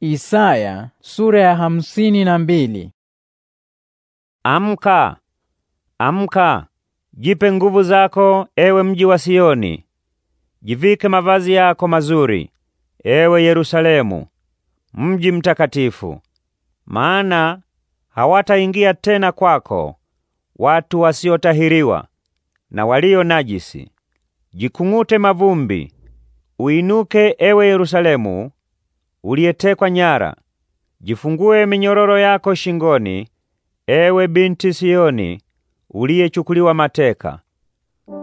Isaya sura ya hamsini na mbili. Amka, amka, jipe nguvu zako, ewe mji wa Sioni. Jivike mavazi yako mazuri, ewe Yerusalemu, mji mtakatifu. Maana hawataingia tena kwako watu wasiotahiriwa na walio najisi. Jikung'ute mavumbi, uinuke, ewe Yerusalemu uliyetekwa nyara, jifungue minyororo yako shingoni, ewe binti Sioni uliyechukuliwa mateka.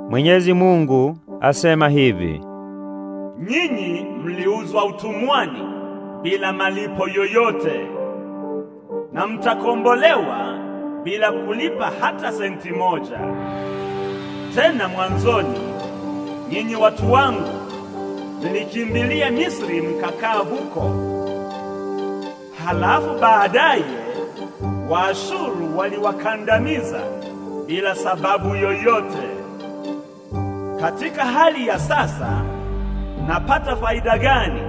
Mwenyezi Mungu asema hivi: nyinyi mliuzwa utumwani bila malipo yoyote, na mtakombolewa bila kulipa hata senti moja. Tena mwanzoni, nyinyi watu wangu nilikimbilia Misri mkakaa huko. Halafu baadaye Waashuru waliwakandamiza bila sababu yoyote. Katika hali ya sasa, napata faida gani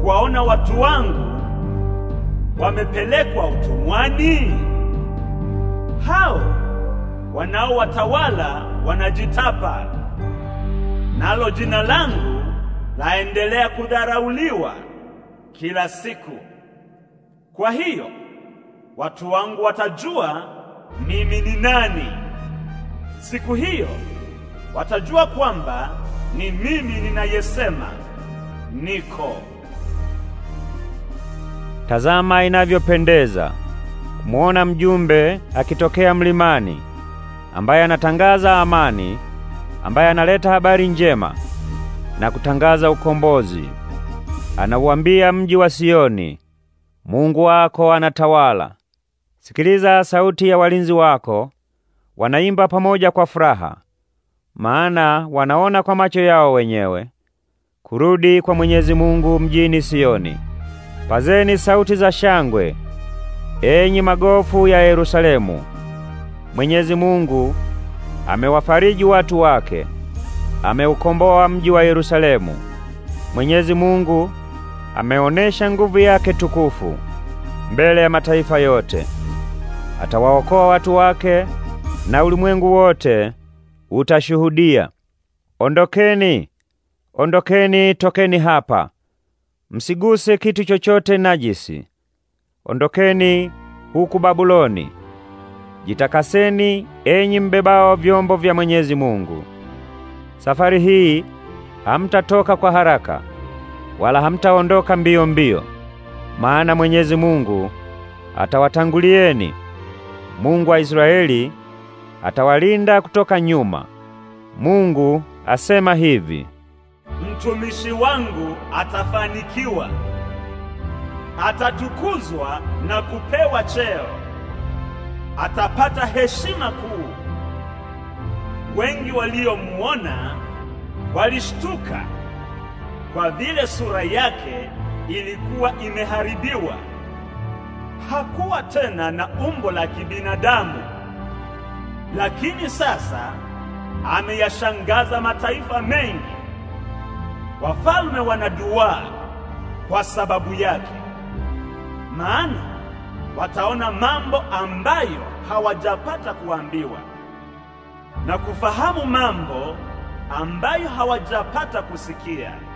kuwaona watu wangu wamepelekwa utumwani? Hao wanaowatawala wanajitapa, nalo jina langu naendelea kudharauliwa kila siku. Kwa hiyo watu wangu watajua mimi ni nani. Siku hiyo watajua kwamba ni mimi ninayesema niko. Tazama inavyopendeza kumwona mjumbe akitokea mlimani, ambaye anatangaza amani, ambaye analeta habari njema na kutangaza ukombozi. Anauambia mji wa Sioni, Mungu wako anatawala. Sikiliza sauti ya walinzi wako, wanaimba pamoja kwa furaha, maana wanaona kwa macho yao wenyewe kurudi kwa Mwenyezi Mungu mjini Sioni. Pazeni sauti za shangwe, enyi magofu ya Yerusalemu. Mwenyezi Mungu amewafariji watu wake ameukomboa mji wa Yerusalemu. Mwenyezi Mungu ameonesha nguvu yake tukufu mbele ya mataifa yote. Atawaokoa watu wake na ulimwengu wote utashuhudia. Ondokeni, ondokeni, tokeni hapa. Msiguse kitu chochote najisi. Ondokeni huku Babuloni. Jitakaseni enyi mbebao vyombo vya Mwenyezi Mungu. Safari hii hamtatoka kwa haraka wala hamtaondoka mbio mbio, maana Mwenyezi Mungu atawatangulieni. Mungu wa Israeli atawalinda kutoka nyuma. Mungu asema hivi: mtumishi wangu atafanikiwa, atatukuzwa na kupewa cheo, atapata heshima kuu. Wengi waliomwona walishtuka kwa vile sura yake ilikuwa imeharibiwa. Hakuwa tena na umbo la kibinadamu, lakini sasa ameyashangaza mataifa mengi. Wafalme wanadua kwa sababu yake, maana wataona mambo ambayo hawajapata kuambiwa na kufahamu mambo ambayo hawajapata kusikia.